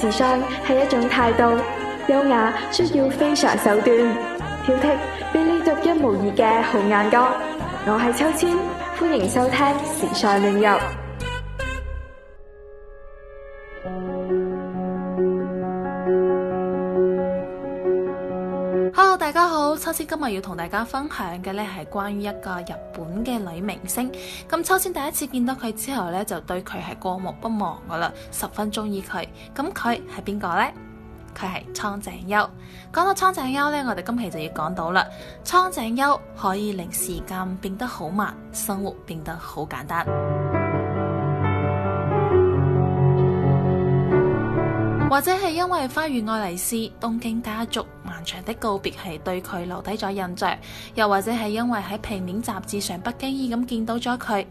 時尚係一種態度，優雅需要非常手段，挑剔俾你獨一無二嘅好眼光。我係秋千，歡迎收聽時尚亂入。秋千今日要同大家分享嘅呢係關於一個日本嘅女明星。咁秋千第一次見到佢之後呢就對佢係過目不忘噶啦，十分中意佢。咁佢係邊個呢？佢係蒼井優。講到蒼井優呢，我哋今期就要講到啦。蒼井優可以令時間變得好慢，生活變得好簡單。或者係因為《花與愛麗絲》、《東京家族》。長的告別係對佢留低咗印象，又或者係因為喺平面雜誌上不經意咁見到咗佢，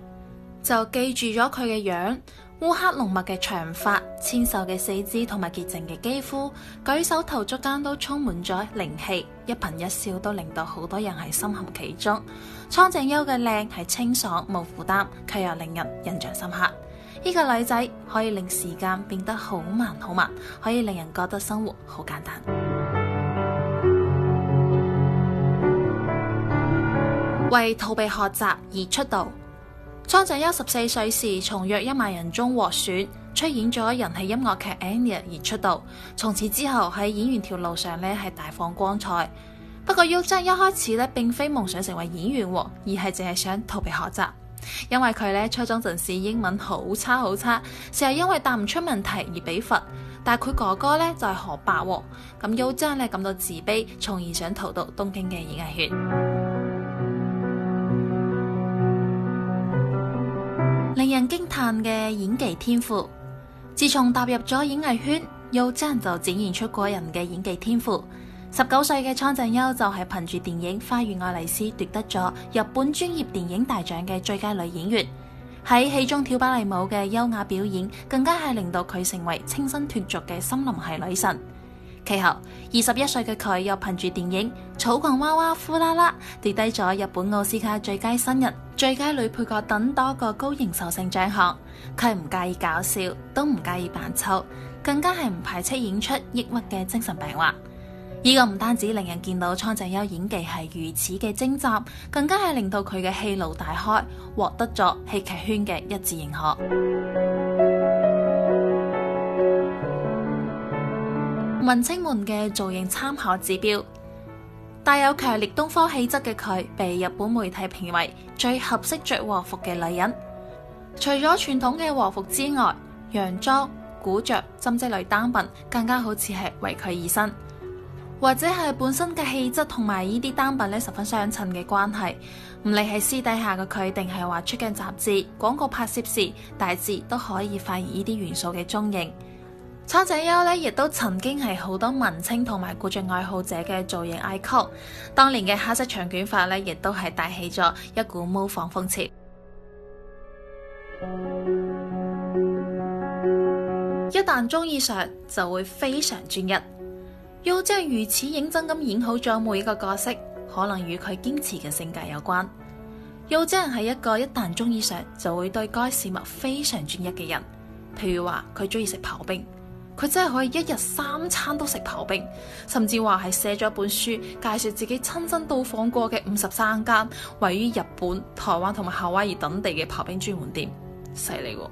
就記住咗佢嘅樣，烏黑濃密嘅長髮，纖瘦嘅四肢同埋潔淨嘅肌膚，舉手投足間都充滿咗靈氣，一顰一笑都令到好多人係深陷其中。蒼井優嘅靚係清爽冇負擔，卻又令人印象深刻。呢個女仔可以令時間變得好慢好慢，可以令人覺得生活好簡單。為逃避學習而出道，蒼井優十四歲時從約一萬人中獲選，出演咗人氣音樂劇《Annie》而出道。從此之後喺演員條路上呢係大放光彩。不過優真一開始呢，並非夢想成為演員，而係淨係想逃避學習，因為佢呢，初中陣時英文好差好差，成日因為答唔出問題而俾罰。但係佢哥哥呢，就係學霸，咁優真呢，感到自卑，從而想逃到東京嘅演藝圈。令人驚嘆嘅演技天賦，自從踏入咗演藝圈，又真就展現出個人嘅演技天賦。十九歲嘅蒼井優就係憑住電影《花與愛麗絲》奪得咗日本專業電影大獎嘅最佳女演員。喺戲中跳芭蕾舞嘅優雅表演，更加係令到佢成為清新脱俗嘅森林係女神。其後，二十一歲嘅佢又憑住電影《草裙娃娃呼啦啦》，跌低咗日本奧斯卡最佳新人、最佳女配角等多個高型殊性獎項。佢唔介意搞笑，都唔介意扮醜，更加係唔排斥演出抑鬱嘅精神病患。呢、這個唔單止令人見到蒼井優演技係如此嘅精湛，更加係令到佢嘅戲路大開，獲得咗戲劇圈嘅一致認可。文青們嘅造型參考指標，帶有強烈東方氣質嘅佢，被日本媒體評為最合適着着和服嘅女人。除咗傳統嘅和服之外，洋裝、古着、針織類單品更加好似係為佢而生，或者係本身嘅氣質同埋呢啲單品咧十分相襯嘅關係。唔理係私底下嘅佢，定係話出鏡雜誌、廣告拍攝時，大致都可以發現呢啲元素嘅蹤影。蒼井優呢，亦都曾經係好多文青同埋古着愛好者嘅造型 icon。當年嘅黑色長捲髮呢，亦都係帶起咗一股模仿風潮。 一旦中意上，就會非常專一。又真係如此認真咁演好咗每一個角色，可能與佢堅持嘅性格有關。又真係一個一旦中意上，就會對該事物非常專一嘅人。譬如話佢中意食刨冰。佢真係可以一日三餐都食刨冰，甚至話係寫咗本書，介紹自己親身到訪過嘅五十三間位於日本、台灣同埋夏威夷等地嘅刨冰專門店，犀利喎！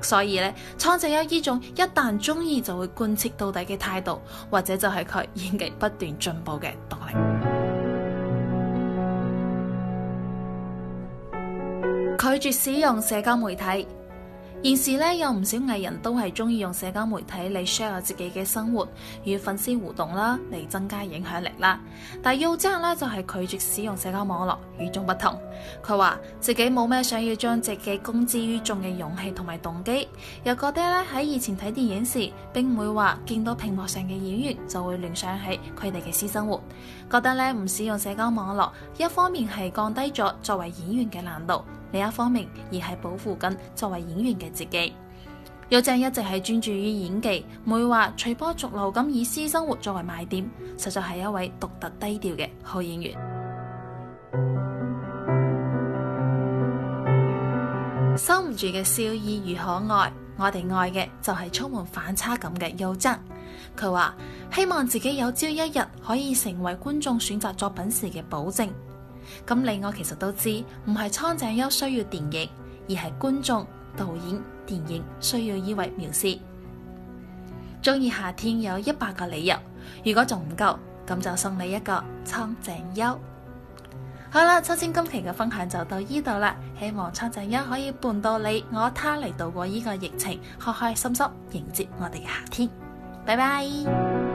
所以咧，蒼井優呢種一旦中意就會貫徹到底嘅態度，或者就係佢演技不斷進步嘅動力。 拒絕使用社交媒體。現時咧，有唔少藝人都係中意用社交媒體嚟 share 自己嘅生活，與粉絲互動啦，嚟增加影響力啦。但優醬咧，就係拒絕使用社交網絡，與眾不同。佢話自己冇咩想要將自己公之於眾嘅勇氣同埋動機，又覺得咧，喺以前睇電影時，並唔會話見到屏幕上嘅演員就會聯想起佢哋嘅私生活。覺得咧，唔使用社交網絡，一方面係降低咗作為演員嘅難度。另一方面，而係保護緊作為演員嘅自己。優醬一直係專注於演技，唔會話隨波逐流咁以私生活作為賣點，實在係一位獨特低調嘅好演員。 收唔住嘅笑意如可愛，我哋愛嘅就係充滿反差感嘅優醬。佢話希望自己有朝一日可以成為觀眾選擇作品時嘅保證。咁你我其實都知，唔係蒼井優需要電影，而係觀眾、導演、電影需要依位繆斯。中意夏天有一百個理由，如果仲唔夠，咁就送你一個蒼井優。好啦，秋千今期嘅分享就到依度啦，希望蒼井優可以伴到你我他嚟度過依個疫情，開開心心迎接我哋嘅夏天。拜拜。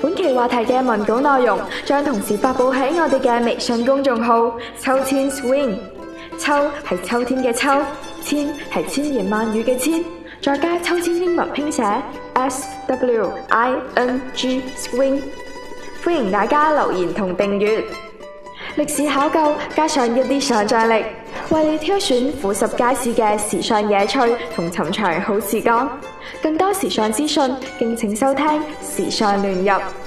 本期話題嘅文稿內容將同時發布喺我哋嘅微信公眾號“秋千 swing”，秋係秋天嘅秋，千係千言萬語嘅千。再加秋千英文拼寫 S W I N G swing，歡迎大家留言同訂閱，歷史考究加上一啲想象力。為你挑選富十街市嘅時尚野趣同尋常好時光，更多時尚資訊，敬請收聽時尚亂入。